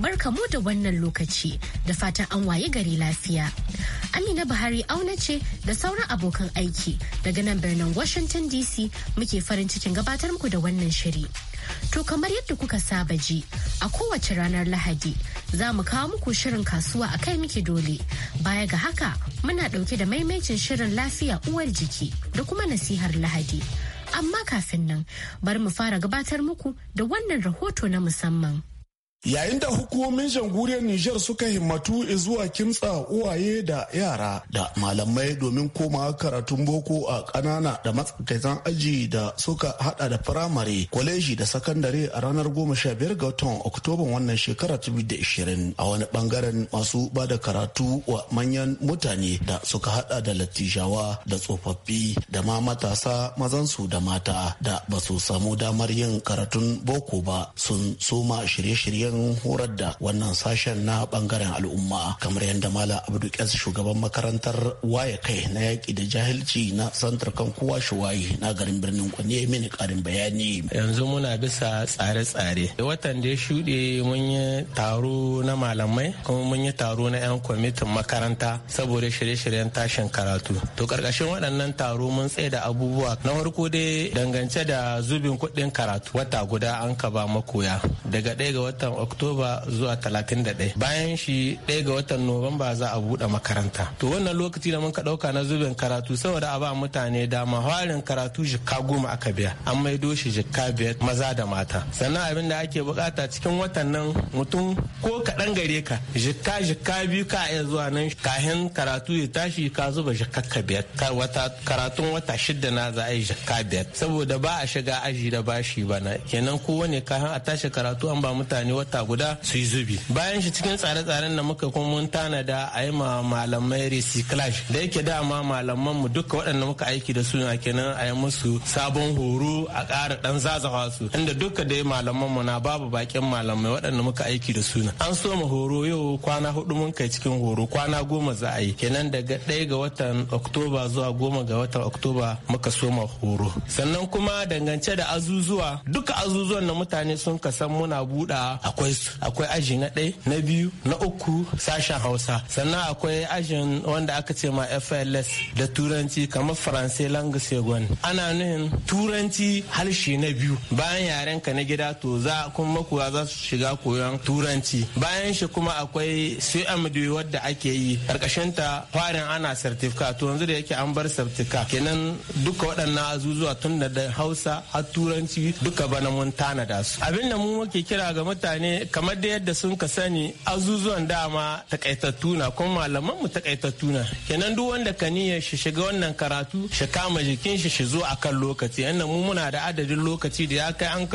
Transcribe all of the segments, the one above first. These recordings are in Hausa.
barka mu da wannan lokaci da fatan an waye gari lafiya. Amina Buhari auna ce da sauran abokan aiki daga nan birnin Washington DC muke farin cikin gabatar muku da wannan shiri. To kamar yadda kuka saba ji a kowace ranar Lahadi za mu kawo muku shirin kasuwa a kai muke dole. Baya ga haka muna ɗauke da maimaicin shirin lafiya uwar jiki da kuma nasihar Lahadi. amma kafin nan bari mu fara gabatar muku da wannan rahoto na musamman. Yayin da hukumomin jamhuriyar Nijar suka himmatu zuwa kimtsa uwaye da yara da malamai domin koma karatun boko a ƙanana da matsakaitan aji da suka hada da firamare, kwaleji da sakandare a ranar 15 ga watan Oktoban wannan shekara 2020 a wani bangaren masu ba da karatu wa manyan mutane da suka hada da lattijawa da tsofaffi da ma matasa mazansu da mata da ba su samu damar yin karatun boko ba sun soma shirye-shiryen wajen horar da wannan sashen na bangaren al'umma kamar yadda mala abdu kyas shugaban makarantar waya kai na yaƙi da jahilci na santar kan kowa shuwayi na garin birnin kwani ya mini karin bayani yanzu muna bisa tsare-tsare watan da ya shuɗe mun yi taro na malamai kuma mun yi taro na 'yan kwamitin makaranta saboda shirye-shiryen tashin karatu to karkashin waɗannan taro mun tsaye da abubuwa na farko dai dangance da zubin kuɗin karatu wata guda an ka ba makoya daga ɗaya ga watan oktoba zuwa 31 bayan shi ɗaya ga watan nuwamba za a buɗe makaranta to wannan lokaci da mun ka ɗauka na zubin karatu saboda a ba mutane dama harin karatu jikka goma aka biya an maido shi jikka biyar maza da mata sannan abin da ake bukata cikin watan nan mutum ko kaɗan gare ka jikka jikka biyu ka iya zuwa nan kahin karatu ya tashi ka zuba jikka ka biyar karatun wata shida na za a yi jikka biyar saboda ba a shiga aji da bashi bana kenan kowane kahin a tashi karatu an ba mutane wata halitta guda su yi zubi bayan shi cikin tsare-tsaren da muka kuma mun tanada a yi ma malamai recyclage da yake dama malaman mu duka waɗanda muka aiki da su na kenan a yi musu sabon horo a ƙara ɗan zazawa su inda duka da malaman mu na babu bakin malamai waɗanda muka aiki da su na an so mu horo yau kwana hudu mun kai cikin horo kwana goma za a yi kenan daga ɗaya ga watan oktoba zuwa goma ga watan oktoba muka so ma horo sannan kuma dangance da azuzuwa duka azuzuwan da mutane sun kasan muna buɗa a akwai su akwai aji na ɗaya na biyu na uku sashen hausa sannan akwai ajin wanda aka ce ma fls da turanci kamar faransai langa segon ana nuhin turanci harshe na biyu bayan yaren ka na gida to za kuma makuwa za su shiga koyon turanci bayan shi kuma akwai cmd wadda ake yi ta farin ana sartifika to yanzu da yake an bar sartifika kenan duka waɗannan azuzuwa tun da hausa har turanci duka bana mun da su abinda da mu muke kira ga mutane kamar da yadda sun ka sani azuzuwan dama takaitattu na kuma malaman mu takaitattu na kenan duk wanda ka niyya shi shiga wannan karatu shi kama jikin shi shi zo kan lokaci yadda mu muna da adadin lokaci da ya kai an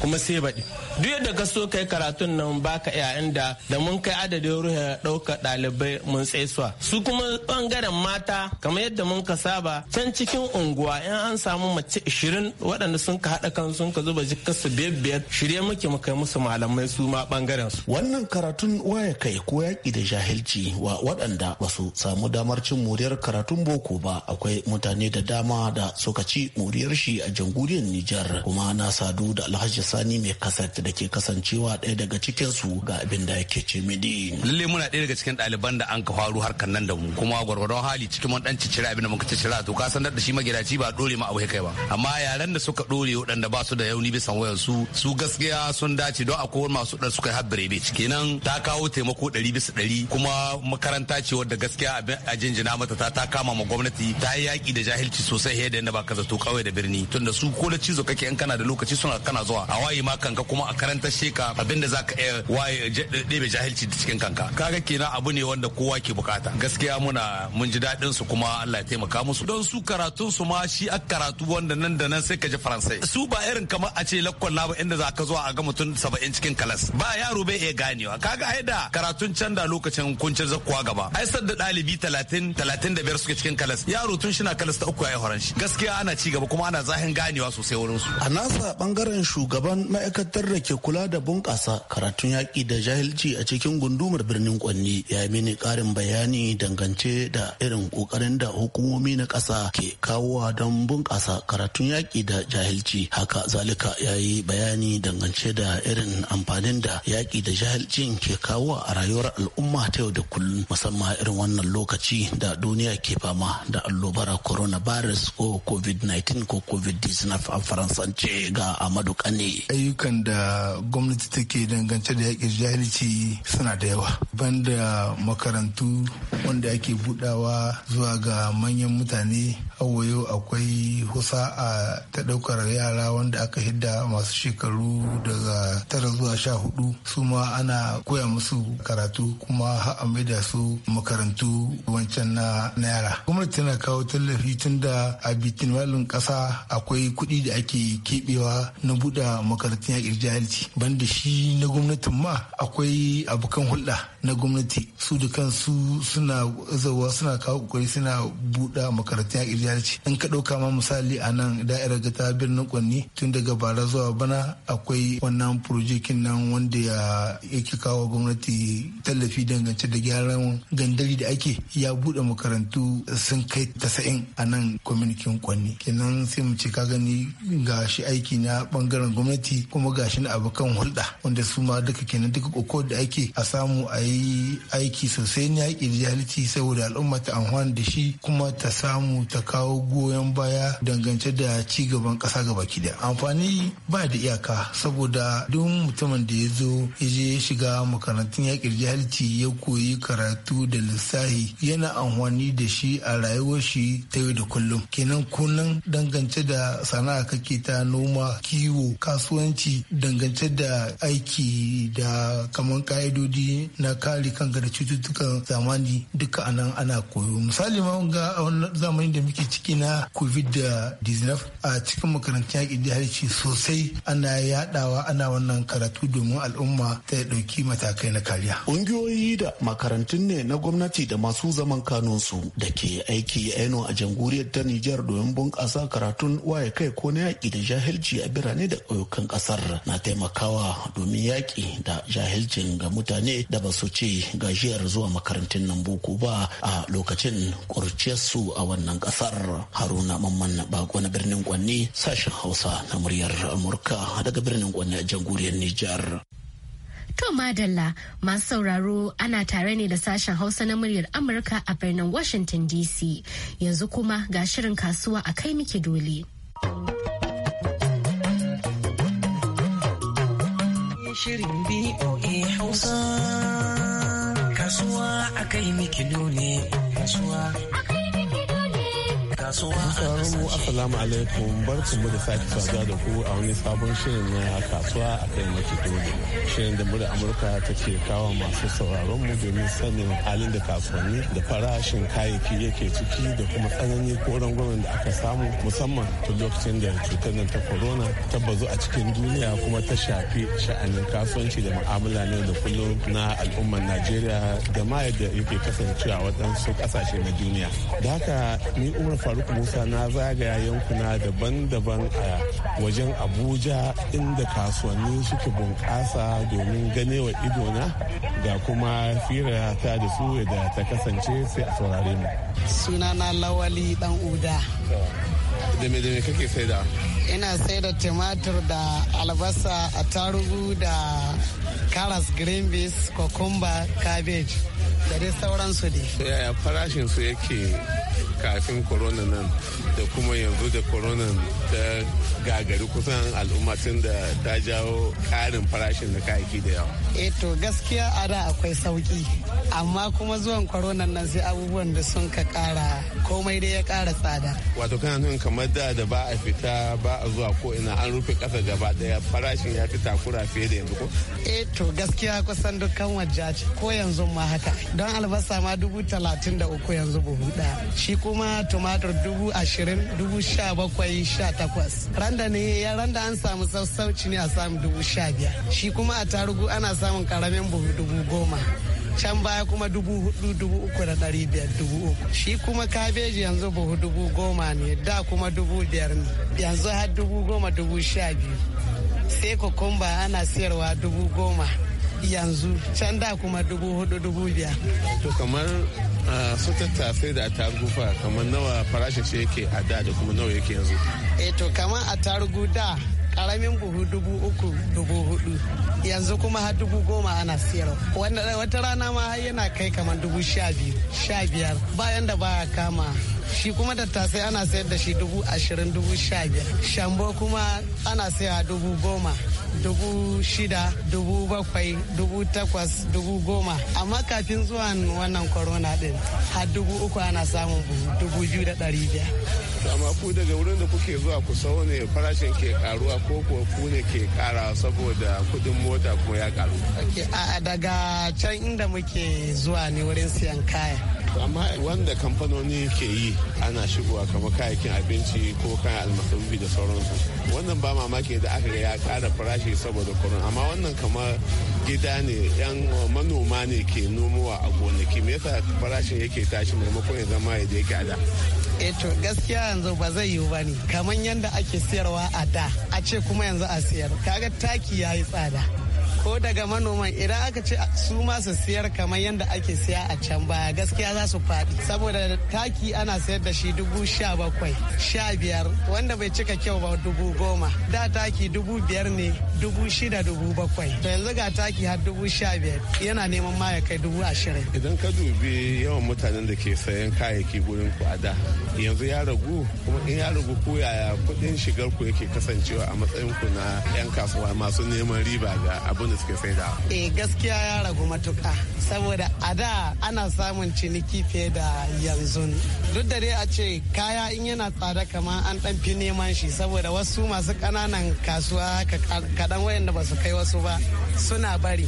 kuma sai baɗi duk yadda ka so kai karatun nan baka iya inda da mun kai adadin ruhe ɗauka ɗalibai mun tsaisuwa su kuma bangaren mata kamar yadda mun ka saba can cikin unguwa in an samu mace 20 waɗanda sun ka haɗa kan sun ka zuba jikarsu biyar biyar shirye muke mu kai musu malamu malamai su ma bangaren su wannan karatun waya kai ko yaki da jahilci wa waɗanda basu samu damar cin muriyar karatun boko ba akwai mutane da dama da suka ci muriyar shi a jamhuriyar Nijar kuma na sadu da Alhaji Sani mai kaset da ke kasancewa ɗaya daga cikin su ga abin da yake ce midi lalle muna ɗaya daga cikin ɗaliban da an ka faru harkan nan da mu kuma gwargwadon hali cikin mun dan cicira abin da muka cicira to ka sanar da shi magidaci ba dole ma abu kai ba amma yaran da suka dore waɗanda ba su da yauni bisan wayar su su gaskiya sun dace don akwai akwai masu da suka habbare bai kenan ta kawo taimako ɗari bisa ɗari kuma makaranta ce wadda gaskiya a jinjina mata ta ta kama ma gwamnati ta yi yaƙi da jahilci sosai yadda yadda ba ka zato kawai da birni tunda su ko da cizo kake in kana da lokaci suna kana zuwa a waye ma kanka kuma a karantar sheka abinda ka iya waye ɗebe jahilci da cikin kanka kaga kenan abu ne wanda kowa ke bukata gaskiya muna mun ji daɗin su kuma Allah ya taimaka musu don su karatun su ma shi a karatu wanda nan da nan sai ka ji faransai su ba irin kamar a ce lakkon laba inda za ka zuwa a ga mutum saba'in cikin kalas ba yaro bai iya ganewa kaga ai da karatun can lokacin kuncin zakkuwa gaba ai sadda ɗalibi talatin talatin da biyar suke cikin kalas yaro tun shi na kalas ta uku ya horan shi gaskiya ana ci gaba kuma ana zahin ganewa sosai wurin su a nasa bangaren shugaban ma'aikatar da ke kula da bunƙasa karatun yaƙi da jahilci a cikin gundumar birnin kwanni ya yi mini ƙarin bayani dangance da irin ƙoƙarin da hukumomi na ƙasa ke kawowa don bunƙasa karatun yaƙi da jahilci haka zalika ya yi bayani dangance da irin amfani amfanin da yaƙi da jahilcin ke kawo a rayuwar al'umma ta yau da kullum musamman irin wannan lokaci da duniya ke fama da allobara coronavirus ko covid-19 ko covid-19 a faransance ga amadu kane ayyukan da gwamnati take dangance da yaƙi jahilci suna da yawa banda makarantu wanda ake budawa zuwa ga manyan mutane awayo akwai husa a ta ɗaukar yara wanda aka hidda masu shekaru daga tara zuwa sha hudu su ma ana koya musu karatu kuma a maida su makarantu wancan na yara gwamnati tana kawo tallafi tun da a bikin walin kasa akwai kuɗi da ake keɓewa na buɗe makarantun ya yaƙi ban banda shi na gwamnatin ma akwai abokan hulɗa na gwamnati su da kansu suna zawa suna kawo kokari suna buɗe makarantun ya jahilci in ka ɗauka ma misali a nan da'irar gata birnin kwanni tun daga bara zuwa bana akwai wannan projekin nan wanda ya yake kawo gwamnati tallafi dangance da gyaran gandari da ake ya buɗe makarantu sun kai tasa'in a nan kwamitin kwanni kenan sai mu ce ka gani ga shi aiki na bangaren gwamnati kuma ga shi na abokan hulɗa wanda su ma duka kenan duka koko da ake a samu a yi aiki sosai na yaƙi da jahilci saboda al'umma ta amfani da shi kuma ta samu ta kawo goyon baya dangance da ci gaban ƙasa gaba ki da amfani ba da iyaka saboda duk mutumin mutumin da ya zo ya je ya shiga makarantun ya kirji halci ya koyi karatu da lissahi yana amfani da shi a rayuwar shi ta yau da kullum kenan kunan dangance da sana'a kake ta noma kiwo kasuwanci dangance da aiki da kamar ka'idodi na kare kanka da cututtukan zamani duka anan ana koyo misali ma ga a zamanin da muke ciki na covid-19 da a cikin makarantun ya kirji halci sosai ana yaɗawa ana wannan karatu makarantu domin al'umma ta ɗauki matakai na kariya. Ƙungiyoyi da makarantun ne na gwamnati da masu zaman kanunsu da ke aiki yano a jamhuriyar ta Nijar domin bunƙasa karatun waye kai ko na yaƙi da jahilci a birane da ƙauyukan ƙasar na taimakawa domin yaƙi da jahilcin ga mutane da ba su ce gajiyar zuwa makarantun nan boko ba a lokacin ƙurciyarsu a wannan ƙasar haruna mamman bako na birnin kwanni sashen hausa na muryar amurka daga birnin kwanni a jamhuriyar Nijar. Biyar. To Madalla masu sauraro ana tare ne da sashen Hausa na muryar Amurka a birnin Washington DC yanzu kuma ga shirin kasuwa a kai miki dole. Shirin BOA Hausa kasuwa a kai miki dole kasuwa kasuwa a assalamu alaikum barkanmu da sake saduwa da ku a wani sabon shirin na kasuwa a kai maki dole shirin da muda amurka ta ce kawo masu sauraron mu domin sanin halin da kasuwanni da farashin kayayyaki yake ciki da kuma tsanani ko rangwamen da aka samu musamman tun lokacin da cutar nan ta corona ta bazu a cikin duniya kuma ta shafi sha'anin kasuwanci da mu'amala ne da kullum na al'ummar najeriya da ma yadda yake kasancewa waɗansu ƙasashe na duniya da haka ni umar faruk musa na zagaya yankuna daban-daban a wajen abuja inda kasuwanni suke bunƙasa domin ganewa idona ga kuma fira da su da ta kasance sai a saurare mu na lawali dan uda dame-dame kake saida ina saida tumatur da albasa attarugu da karas green beans cucumber cabbage da dai sauransu ne. yaya farashin yake kafin corona nan da kuma yanzu da corona ta gagari kusan al'umma tun da ta jawo karin farashin da kayaki da yawa. Eto eh gaskiya a da akwai sauki amma kuma zuwan corona nan sai abubuwan da sun ka kara komai dai ya kara tsada. wato kana nuna kamar da da ba a fita ba a zuwa ko ina an rufe kasa gaba daya farashin ya fi takura fiye da yanzu ko. Eto eh to gaskiya kusan dukkan wajja ko yanzu ma haka don albasa ma dubu talatin da uku yanzu buhu ɗaya kuma tumatur dubu ashirin dubu sha bakwai sha takwas randa ne ya randa an samu sassauci ne a samu dubu sha biyar shi kuma a tarugu ana samun karamin buhu dubu goma can baya kuma dubu hudu dubu uku da dari biyar dubu uku shi kuma kabeji yanzu buhu dubu goma ne da kuma dubu biyar ne yanzu har dubu goma dubu sha biyu sai kokumba ana siyarwa dubu goma yanzu can da kuma dubu hudu dubu biya. To kamar ah, su tattafai da atarugufa kamar nawa farashin shi yake a da da kuma nawa yake yanzu. Eh to kamar atarugu da karamin buhu dubu uku dubu hudu yanzu kuma har dubu goma ana siyarwa wata rana ma yana kai kamar dubu sha biyar bayan da baya kama shi kuma tattasai ana sayar da shi dubu ashirin dubu sha biyar shambo kuma ana sayar dubu goma dubu shida dubu bakwai dubu takwas dubu goma amma kafin zuwa wannan corona din har dubu uku ana samun buhu dubu biyu da ɗari biyar amma ku daga wurin da kuke zuwa ku sau ne farashin ke karuwa ko kuwa ku ne ke kara saboda kuɗin mota mota kuma ya karu. Okay, daga can inda muke zuwa ne wurin siyan kaya. amma wanda kamfanoni ke yi ana shigowa kamar kayakin abinci ko kayan almasarufi da sauransu wannan ba mamaki da aka ga ya kara farashi saboda kurin amma wannan kamar gida ne yan manoma ne ke nomowa a gonaki me yasa farashin yake tashi maimakon ya zama ya yake a da e eh to gaskiya yanzu ba zai yiwu ba ne kamar yadda ake siyarwa a da a ce kuma yanzu a siyar kaga taki ya yi tsada ko daga manoman idan aka ce su masu siyar kamar yadda ake siya a can baya gaskiya za su faɗi saboda taki ana sayar da shi dubu sha bakwai sha biyar wanda bai cika kyau ba dubu goma da taki dubu biyar ne dubu shida dubu bakwai to yanzu ga taki har dubu sha biyar yana neman ma ya kai dubu ashirin. idan ka dubi yawan mutanen da ke sayan kayayyaki gurin ku a da yanzu ya ragu kuma in ya ragu ko yaya kuɗin shigar ku yake kasancewa a matsayin ku na 'yan kasuwa masu neman riba ga abin da suke da eh gaskiya ya ragu matuka saboda a da ana samun ciniki fiye da yanzu duk da dai a ce kaya in yana tsada kamar an dan fi neman shi saboda wasu masu kananan kasuwa kadan wayanda ba su kai wasu ba suna bari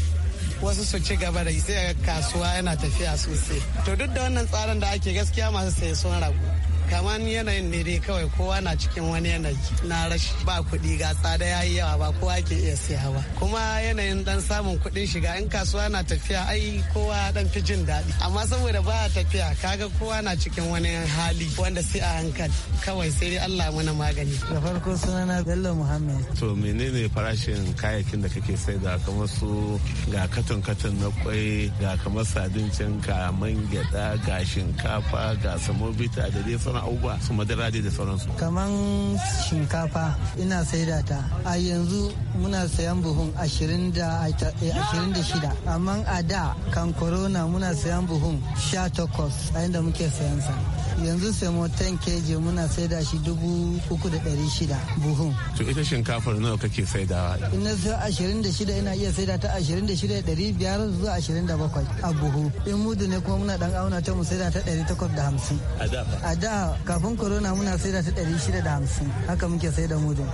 wasu su ci gaba da sai kasuwa yana tafiya sosai to duk da wannan tsarin da ake gaskiya masu saye sun ragu kamar yanayin ne dai kawai kowa na cikin wani yanayi na rashi ba kuɗi ga tsada ya yi yawa ba kowa ke iya siya ba kuma yanayin dan samun kuɗin shiga in kasuwa na tafiya ai kowa dan fi jin daɗi amma saboda ba tafiya kaga kowa na cikin wani hali wanda sai a hankali kawai sai dai Allah mana magani da farko sunana Bello Muhammad to menene farashin kayayyakin da kake sai da kamar su ga katon katon na kwai ga kamar sadin cinka man gyada ga shinkafa ga samobita da dai sauran abubuwa su madara da sauransu kaman shinkafa ina saida ta a yanzu muna sayan buhun ashirin da eh, shida amma a da kan corona muna sayan buhun sha takwas a inda muke sayansa. yanzu sai mu 10 kg muna saida shi dubu uku da ɗari shida buhun. To ita shinkafar nawa kake saidawa? Ina sai ashirin da shida ina iya saida ta ashirin da shida ɗari biyar zuwa ashirin da bakwai a buhu. In mudu ne kuma muna ɗan auna ta mu saida ta ɗari takwas da hamsin. A da A da kafin korona muna saida ta ɗari shida da hamsin haka muke saida mudu.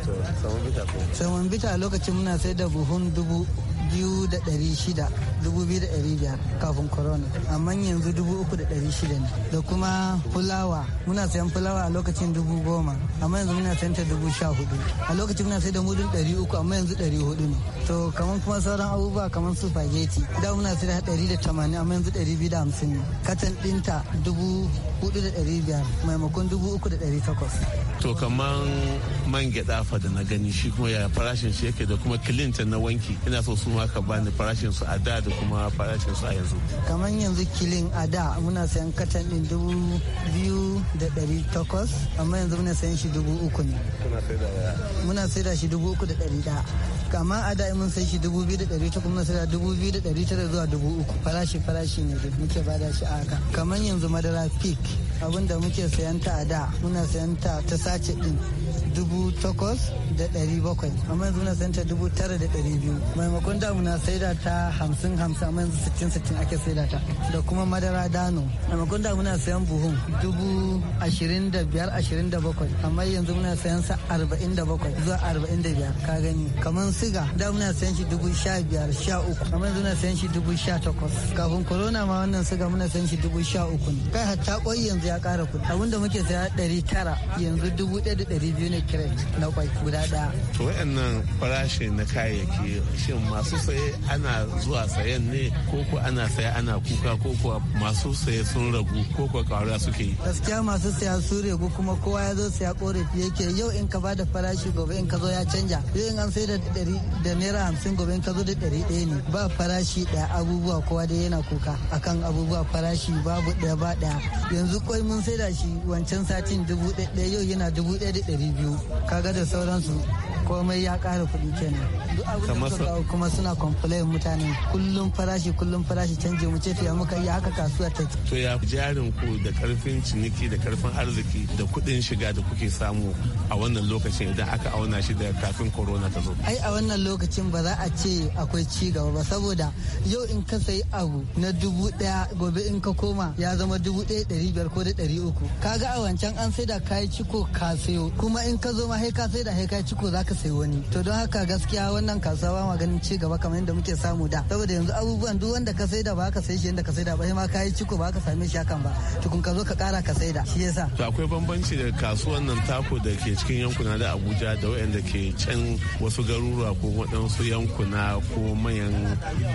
Sai mun bita lokacin muna saida buhun dubu biyu da shida dubu biyu da biyar kafin corona amma yanzu dubu uku da shida ne da kuma fulawa muna sayan fulawa a lokacin dubu goma amma yanzu muna sayan ta dubu sha hudu a lokacin muna sai da mudun 300 uku amma yanzu 400 hudu ne to kamar kuma sauran abubuwa kamar su spaghetti da muna sai da 180 da amma yanzu 250 biyu da hamsin ne katon dinta dubu da biyar maimakon dubu uku da takwas. to kamar man gyaɗa fa da na gani shi kuma ya farashin shi yake da kuma kilinta na wanki ina so su kuma aka bani farashin su a da da kuma farashin su a yanzu kamar yanzu kilin a da muna sayan katan din dubu biyu da ɗari takwas amma yanzu muna sayan shi dubu uku ne muna da shi dubu uku da ɗari da kamar a da mun sai shi dubu biyu da ɗari takwas muna da dubu biyu da ɗari tara zuwa dubu uku farashi farashi ne da muke bada shi a haka kamar yanzu madara peak abinda muke sayan ta a da muna sayan ta ta sace din dubu takwas da ɗari bakwai amma yanzu na sayanta dubu tara da ɗari biyu maimakon da saida ta hamsin hamsin amma yanzu sittin sittin ake saida ta da kuma madara dano maimakon damuna sayan buhun dubu ashirin da biyar ashirin da bakwai amma yanzu muna sayan sa arba'in da bakwai zuwa arba'in da biyar ka gani kamar siga damuna sayan shi dubu sha biyar sha uku amma yanzu na sayan shi dubu sha takwas kafin corona ma wannan siga muna sayan shi dubu sha uku ne kai hatta kwai yanzu ya kara kuɗi abinda muke saya ɗari tara yanzu dubu ɗaya da ɗari biyu ne kiret na kwai guda ɗaya. To waɗannan farashi na kayayyaki shin masu saye ana zuwa sayen ne ko ko ana saye ana kuka ko ko masu saye sun ragu ko ko ƙaruwa suke yi. Gaskiya masu saya sun ragu kuma kowa ya zo saya ƙorafi yake yau in ka bada farashi gobe in ka zo ya canja yau in an sai da ɗari da naira hamsin gobe in ka zo da ɗari ɗaya ne ba farashi ɗaya abubuwa kowa dai yana kuka akan abubuwa farashi babu ɗaya ba ɗaya yanzu kwai mun sai da shi wancan satin dubu ɗaya yau yana dubu ɗaya da ɗari biyu kaga da sauransu komai ya ƙara kuɗi kenan duk abin da kuma suna complain mutane kullum farashi kullum farashi canje mu ce ya muka yi haka kasuwa ta to ya jarin ku da karfin ciniki da karfin arziki da kuɗin shiga da kuke samu a wannan lokacin idan aka auna shi da kafin corona ta zo ai a wannan lokacin ba za a ce akwai ci gaba ba saboda yau in ka sayi abu na dubu ɗaya gobe in ka koma ya zama dubu ɗaya ɗari biyar ko da ɗari uku kaga a wancan an sai da kayi ciko ka sayo kuma in ka zo ma sai ka sai da sai ka ciko za ka ka sai wani to don haka gaskiya wannan kasuwa ba ganin ci gaba kamar yadda muke samu da saboda yanzu abubuwan duk wanda ka saida ba ka sai shi yanda ka saida ba ma ka yi ciko ba ka same shi hakan ba tukun ka zo ka kara ka saida shi yasa to akwai bambanci da kasuwan nan tako da ke cikin yankuna da Abuja da waɗanda ke can wasu garuruwa ko waɗansu yankuna ko manyan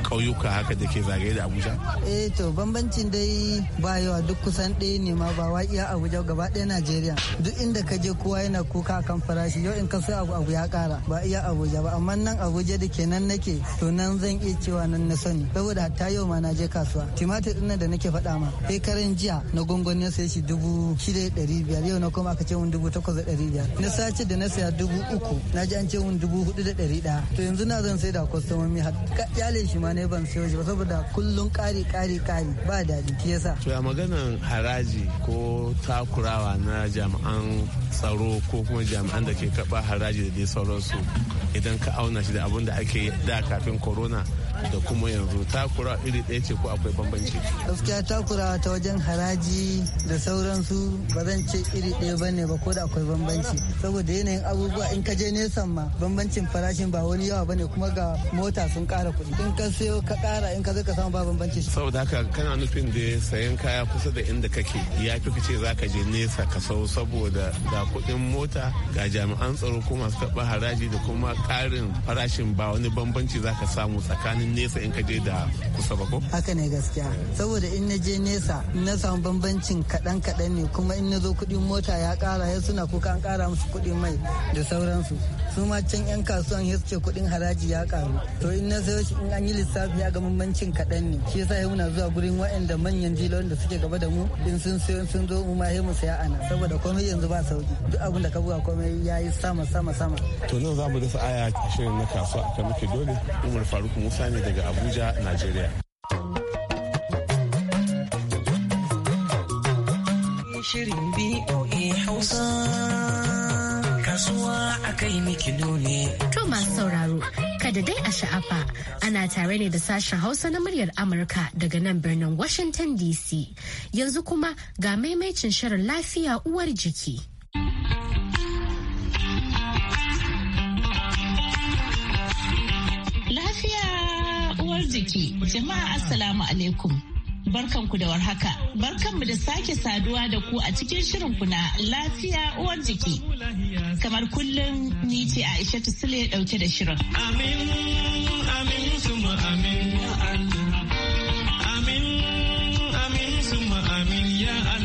ƙauyuka haka da ke zagaye da Abuja eh to bambancin dai ba yawa duk kusan ɗaya ne ma ba wa iya Abuja gaba ɗaya Najeriya duk inda ka je kowa yana kuka kan farashi yau in ka sai abu abu ya kara ba iya abuja ba amma nan abuja da ke nan nake to nan zan iya cewa nan na sani saboda hatta yau ma na je kasuwa timatir ɗin da nake faɗa ma sai jiya na gongon na sai shi dubu shida da ɗari biyar yau na kuma aka ce mun dubu takwas da ɗari biyar na sace da na saya dubu uku na ji an ce mun dubu hudu da ɗari ɗaya to yanzu na zan sai da kwastomomi har kyale shi ma ne ban sayo shi ba saboda kullum ƙari ƙari ƙari ba daɗi ke yasa. to a maganan haraji ko takurawa na jami'an tsaro ko kuma jami'an da ke karɓar haraji da dai sauransu idan ka auna shi da abin da ake da kafin corona da kuma yanzu takura iri ɗaya ce ko akwai bambanci gaskiya takura ta wajen haraji da sauransu ba zan ce iri ɗaya ba ne ba ko da akwai bambanci saboda yanayin abubuwa in ka je nesan ma bambancin farashin ba wani yawa bane kuma ga mota sun kara kuɗi in ka sayo ka kara in ka zo ka samu ba bambanci saboda haka kana nufin da sayan kaya kusa da inda kake ya fi zaka za ka je nesa ka sau saboda ga kuɗin mota ga jami'an tsaro ko masu karɓar haraji da kuma karin farashin ba wani bambanci za ka samu tsakanin nesa in ka je da kusa ba ko haka ne gaskiya saboda in na je nesa na samu bambancin kaɗan kaɗan ne kuma in na zo kuɗin mota ya ƙara ya suna kuka an ƙara musu kuɗin mai da sauransu su ma can 'yan kasuwan ya suke kuɗin haraji ya karu to in na sayo shi in an yi lissafi ya ga mambancin kaɗan ne shi yasa muna zuwa gurin waɗanda manyan jilon da suke gaba da mu in sun sayo sun zo mu ma sai mu saya ana saboda komai yanzu ba sauki duk abin da ka buga komai ya yi sama sama sama. to nan za mu dasa aya shirin na kasuwa akan muke dole umar faruk musa ne daga abuja najeriya. shirin BOA Hausa. kasuwa a kai mikido To masu sauraro, kada dai a sha'afa ana tare ne da sashen Hausa na muryar Amurka daga nan birnin Washington DC. Yanzu kuma ga maimacin shirin lafiya uwar jiki. Lafiya uwar jiki, jama'a Assalamu alaikum. barkanku da warhaka. Barkanmu da sake saduwa da ku a cikin shirin na lafiya uwar jiki. Kamar kullum ni ce Aisha Sule dauke da shirin. Amin, amin, suma amin ya Allah. Amin, amin, suma amin ya Allah.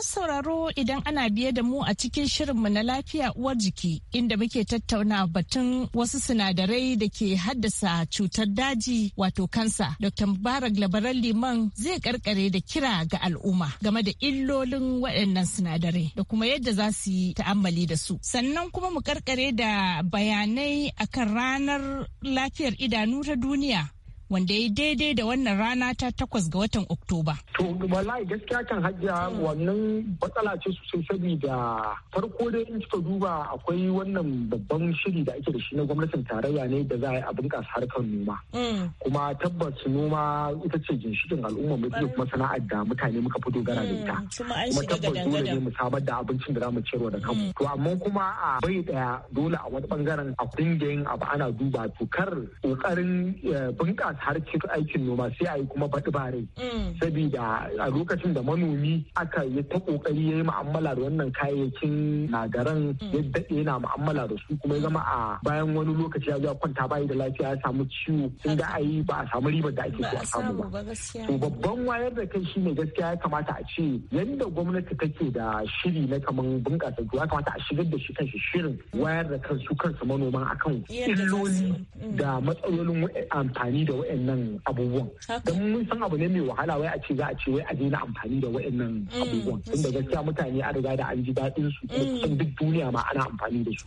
masu sauraro idan ana biye da mu a cikin shirinmu na lafiya uwar jiki inda muke tattauna batun wasu sinadarai da ke haddasa cutar daji wato kansa. Dr. Mubarak Labaran Liman zai karkare da kira ga al'umma game da illolin waɗannan sinadarai da kuma yadda za su yi ta'ammali da su. Sannan kuma mu karkare da bayanai akan ranar lafiyar idanu ta duniya wanda ya daidai da wannan rana ta takwas ga watan Oktoba. To wallahi gaskiya kan hajjiya wannan matsala ce sosai saboda farko da in suka duba akwai wannan babban shiri da ake da shi na gwamnatin tarayya ne da za a yi a harkar noma. Mm. Kuma tabbas noma ita ce ginshikin al'umma mu kuma sana'ar da mutane muka fito gara da ita. Mm, kuma tabbas dole ne mu samar da abincin da za mu ciyarwa da mm. kanmu. To amma kuma a bai daya dole a wani bangaren a dinga abu ana duba to kar kokarin eh, bunƙasa har cika aikin noma sai a yi kuma faɗi bare mm. saboda a lokacin da manomi aka yi ta ƙoƙari ya yi mu'amala da wannan kayayyakin nagaran mm. ya daɗe yana ma'amala da su kuma ya zama a bayan wani lokaci ya zuwa kwanta bayi da lafiya ya samu ciwo sun ga ayi ba a samu ribar da ake a samu ba to babban wayar da kai ne gaskiya ya kamata a ce yadda gwamnati take da shiri na kaman bunƙasa ya kamata a shigar da shi kanshi shirin wayar da kansu kansu manoma akan illoli mm. da matsalolin amfani da wa'annan abubuwan don mun san abu ne mai wahala wai a ce za a ce wai a daina amfani da wa'annan mm, abubuwan tunda gaskiya mutane a riga da an ji daɗin su mm. kusan duk duniya ma ana amfani da su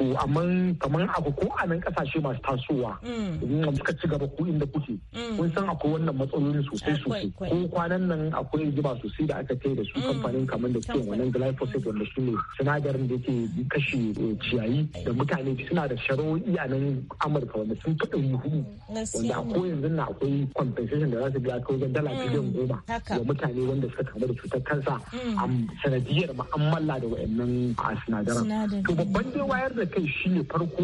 to amma kamar abu ko a nan kasashe masu tasowa mm. in suka ci gaba ku inda kuke mun san akwai wannan matsalolin sosai sosai ko kwanan nan akwai rigima sosai da aka kai da su kamfanin kamar da suke wannan glyphosate wanda su ne sinadarin da yake kashe eh, ciyayi da mutane suna da sharo'i a nan amurka wanda sun kaɗa hudu wanda ko yanzu na akwai compensation da za su biya ko wajen dala biliyan goma mm, wa mutane wanda suka kamu da cutar kansa mm. a sanadiyar ma'amala da wayannan a sinadaran to babban dai wayar da kai shine farko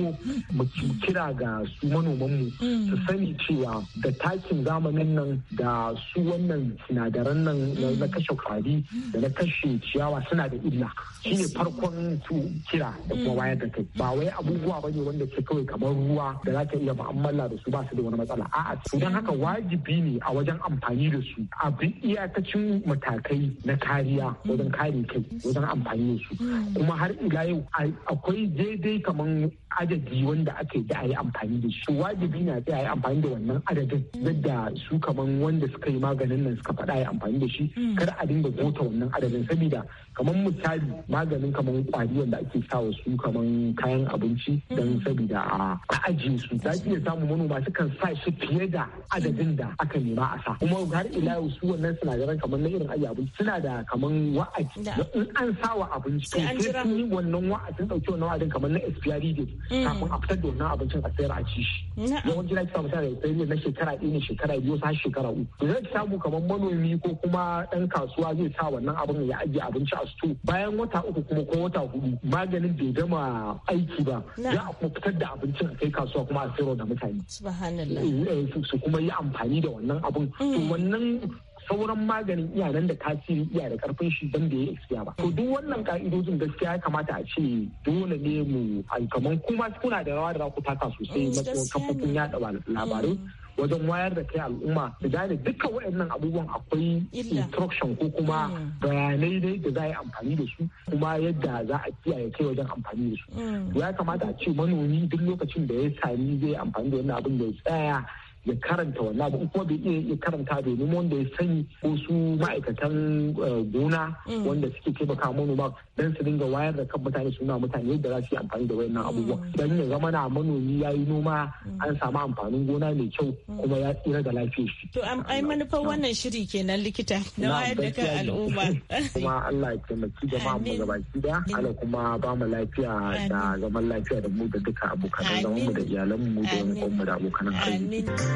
mu kira ga su manoman mu mm. su sani cewa da takin zamanin nan da su wannan sinadaran nan na kashe kwari da na kashe ciyawa suna da illa shine farkon su kira da kuma wayar da kai ba wai abubuwa bane wanda ke kawai kamar ruwa da za ka iya mu'amala da su ba su da wani matsala a'a don haka wajibi ne a wajen amfani da su a bi iyakacin matakai na kariya wajen kare kai wajen amfani da su kuma har ila yau akwai daidai kamar adadi wanda aka yi a yi amfani da shi wajibi na sai a yi amfani da wannan adadin yadda su kaman wanda suka yi maganin nan suka faɗa a yi amfani da shi mm. kar a dinga gota wannan adadin saboda kaman misali maganin kaman kwari wanda ake sawa su kaman kayan abinci don mm. saboda a ajiye su za iya samun manoma sukan sa shi fiye da adadin da aka nema a sa kuma har ila yau su wannan sinadaran kaman na irin ajiye abinci suna da kaman wa'adi in an sawa abinci to sai sun yi wannan wa'adin ɗauki wannan wa'adin kaman na expiry date Mm. kafin a fitar da wannan abincin a sayar a ci shi yawanci na kisa misali sai ne na shekara ɗaya ne shekara biyu sa shekara uku to zai samu kamar manomi ko kuma ɗan kasuwa zai sa wannan abin ya ajiye abinci a sto bayan wata uku kuma ko wata hudu maganin bai gama aiki ba za a kuma fitar da abincin a kai kasuwa kuma a sayar da mutane eh, eh, su kuma yi amfani da wannan abin to mm. wannan sauran maganin iya nan da tasiri iya da karfin shi dan da ya expire ba to duk wannan ka'idojin gaskiya ya kamata a ce dole ne mu kamar kuma kuna da rawa da za ku taka sosai eh, kafofin yada labarai mm. wajen wayar da kai al'umma da gane dukkan waɗannan abubuwan akwai instruction ko kuma mm. bayanai dai da za a yi amfani da su kuma yadda za a kiyaye kai wajen amfani da su mm. ya kamata a ce manomi duk lokacin da ya sami zai amfani da wannan abin da ya tsaya ya karanta wannan abu ko bai iya karanta karanta domin wanda ya sani ko su ma'aikatan eh, gona mm. wanda suke taimaka manoma don su dinga wayar da kan mutane suna mutane yadda za su yi amfani da wayannan mm. abubuwa Dan ya zama na manomi ya yi noma mm. an samu amfanin gona mai kyau kuma ya tsira da lafiya shi. To ai manufar wannan shiri kenan likita na wayar da kan al'umma. Kuma Allah ya taimaki jama'a mu gabaki da. ala kuma ba mu lafiya da zaman lafiya da mu da duka abokanan da mu da iyalan mu da mu da abokanan arziki.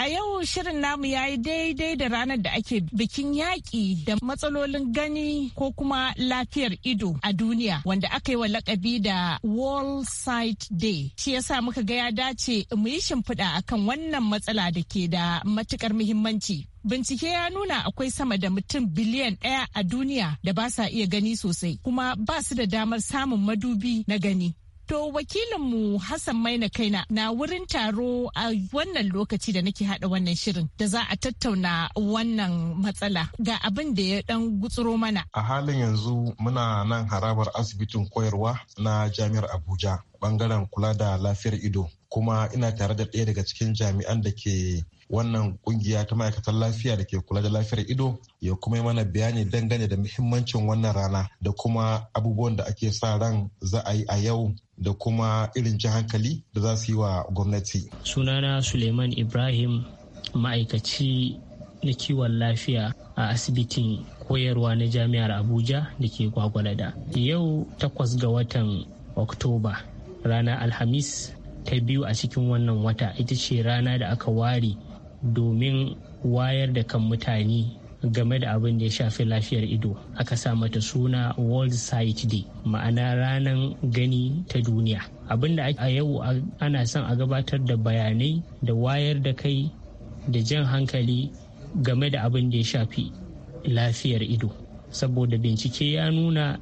A yau shirin namu ya yi daidai da ranar da ake bikin yaƙi da matsalolin gani ko kuma lafiyar ido a duniya wanda aka yi wa lakabi da World Sight Day. Shi yasa muka ga ya dace mu yi shimfiɗa akan wannan matsala da ke da matukar muhimmanci. Bincike ya nuna akwai sama da mutum biliyan ɗaya a duniya da ba sa iya gani sosai kuma ba su da damar samun madubi na gani. To wakilinmu Hassan Maina Kaina na wurin taro a wannan lokaci da nake hada wannan shirin da za a tattauna wannan matsala ga abin da ya dan gutsuro mana. A halin yanzu muna nan harabar asibitin koyarwa na Jami'ar Abuja bangaren kula da lafiyar ido. kuma ina tare da ɗaya daga cikin jami'an da ke wannan kungiya ta ma'aikatan lafiya da ke kula da lafiyar ido ya kuma yi mana bayani dangane da muhimmancin wannan rana da kuma abubuwan da ake sa ran za a yi a yau da kuma irin ji hankali da za su yi wa gwamnati. Sunana Suleiman Ibrahim ma'aikaci na kiwon lafiya a asibitin koyarwa na jami'ar Abuja da ke Gwagwalada. Yau takwas ga watan Oktoba rana Alhamis ta biyu a cikin wannan wata ita ce rana da aka ware domin wayar da kan mutane game da abin da ya shafi lafiyar ido aka sa mata suna world sight day ma'ana ranar gani ta duniya abin da a yau ana son a gabatar da bayanai da wayar da kai da jan hankali game da abin da ya shafi lafiyar ido saboda bincike ya nuna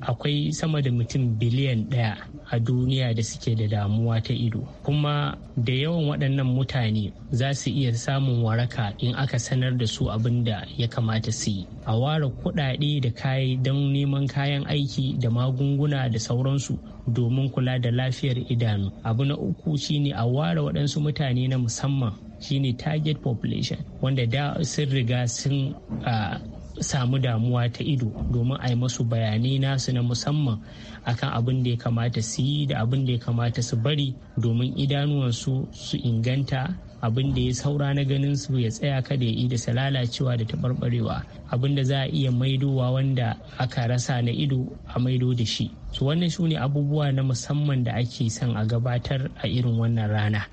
akwai sama da mutum biliyan ɗaya a duniya da suke da damuwa ta ido kuma da yawan waɗannan mutane za su iya samun waraka in aka sanar da su abin da ya kamata su yi a ware kuɗaɗe da kayi don neman kayan aiki da magunguna da sauransu domin kula da lafiyar idanu abu na uku shine a ware waɗansu mutane na musamman shine target population wanda da sun riga sun samu damuwa ta ido domin a yi masu bayanai nasu na musamman akan abin da ya kamata su yi da abin da ya kamata su bari domin idanuwansu su inganta abin da ya saura na ganin su ya tsaya kada ya yi da lalacewa da taɓarɓarewa abin da za a iya maidowa wanda aka rasa na ido a maido da shi su wannan shi ne abubuwa na musamman da ake son a gabatar a irin wannan rana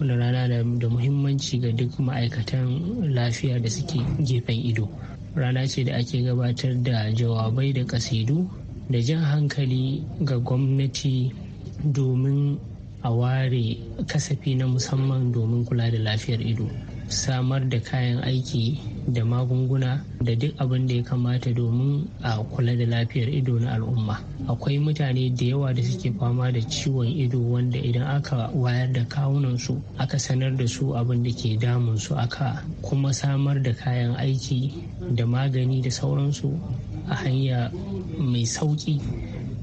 wannan rana da muhimmanci ga duk ma'aikatan lafiya da suke gefen ido rana ce da ake gabatar da jawabai da kasidu da jan hankali ga gwamnati domin a ware kasafi na musamman domin kula da lafiyar ido samar da kayan aiki da magunguna da duk abin da ya kamata domin a kula da lafiyar ido na al'umma akwai mutane da yawa da suke fama da ciwon ido wanda idan aka wayar da kawunansu aka sanar da su abin da ke damunsu aka kuma samar da kayan aiki da magani da sauransu a hanya mai sauki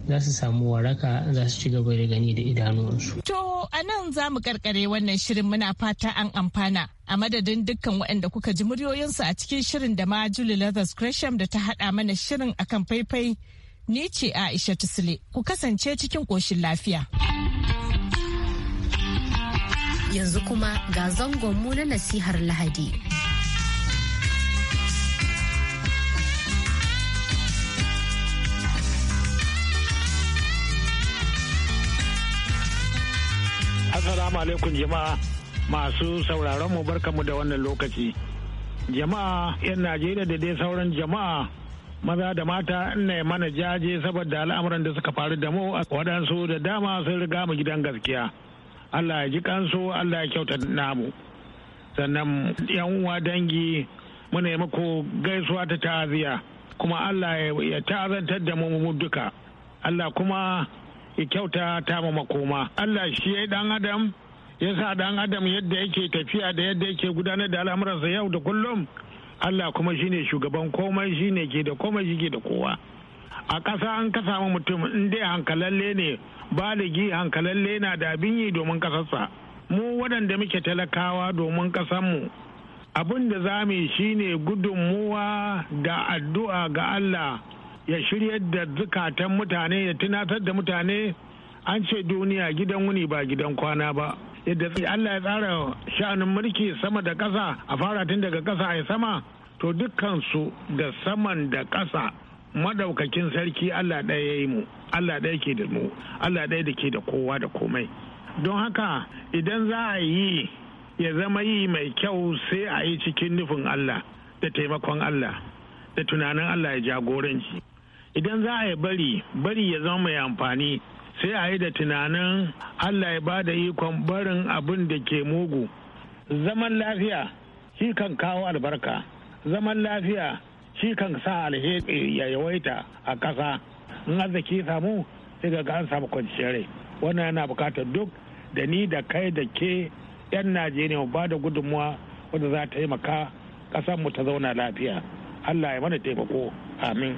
za su samu waraka za su ci gaba da gani da idanuwansu. To a nan za mu karkare wannan shirin muna fata an amfana a madadin dukkan waɗanda kuka ji muryoyinsu a cikin shirin da ma Julie Leathers Gresham da ta haɗa mana shirin akan faifai ni ce Aisha Tusle ku kasance cikin ƙoshin lafiya. Yanzu kuma ga zangon mu na nasihar Lahadi. Assalamu alaikum jama'a masu sauraron mu barkamu da wannan lokaci. Jama'a 'yan Najeriya da dai sauran jama'a maza da mata ina mana jaje saboda al'amuran da suka faru da mu waɗansu da dama sun riga mu gidan gaskiya. Allah ya ji kansu Allah ya kyauta namu. Sannan 'yan uwa dangi muna yi muku gaisuwa ta ta'aziya kuma Allah ya ta'azantar da mu duka. Allah kuma ya kyauta ta makoma. Allah shi ya ɗan adam ya sa ɗan adam yadda yake tafiya da yadda yake gudanar da al'amuransa yau da kullum Allah kuma shine shugaban komai shine ke da komai shi da kowa a ƙasa an ka samu mutum in dai hankalalle ne baligi hankalalle na da abin yi domin ƙasarsa mu waɗanda muke talakawa domin ƙasarmu abin da za mu yi shine gudunmuwa da addu'a ga Allah ya shirya da zukatan mutane ya tunatar da mutane an ce duniya gidan wuni ba gidan kwana ba yadda Allah ya tsara sha'anin mulki sama da ƙasa a fara tun daga ƙasa a sama to dukkansu da saman da ƙasa madaukakin sarki Allah ɗaya ya yi mu Allah ɗaya ke da mu Allah ɗaya da ke da kowa da komai don haka idan za a yi ya zama yi mai kyau sai a yi cikin nufin Allah da taimakon Allah da tunanin Allah ya jagoranci idan za a yi bari bari ya zama mai amfani sai a yi da tunanin allah ya ba da ikon barin abin da ke mugu zaman lafiya shi kan kawo albarka zaman lafiya shi kan sa alheri ya yawaita a ƙasa in arziki samu sai ga an samu kwanciyar rai wannan yana bukatar duk da ni da kai da ke 'yan najeriya ba da gudunmuwa wadda za ta taimaka ƙasarmu ta zauna lafiya allah ya mana taimako amin